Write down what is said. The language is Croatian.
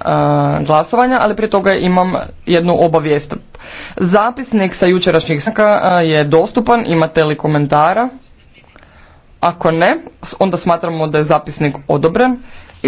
E, glasovanja, ali prije toga imam jednu obavijest. Zapisnik sa jučerašnjih snaka e, je dostupan, imate li komentara? Ako ne, onda smatramo da je zapisnik odobren.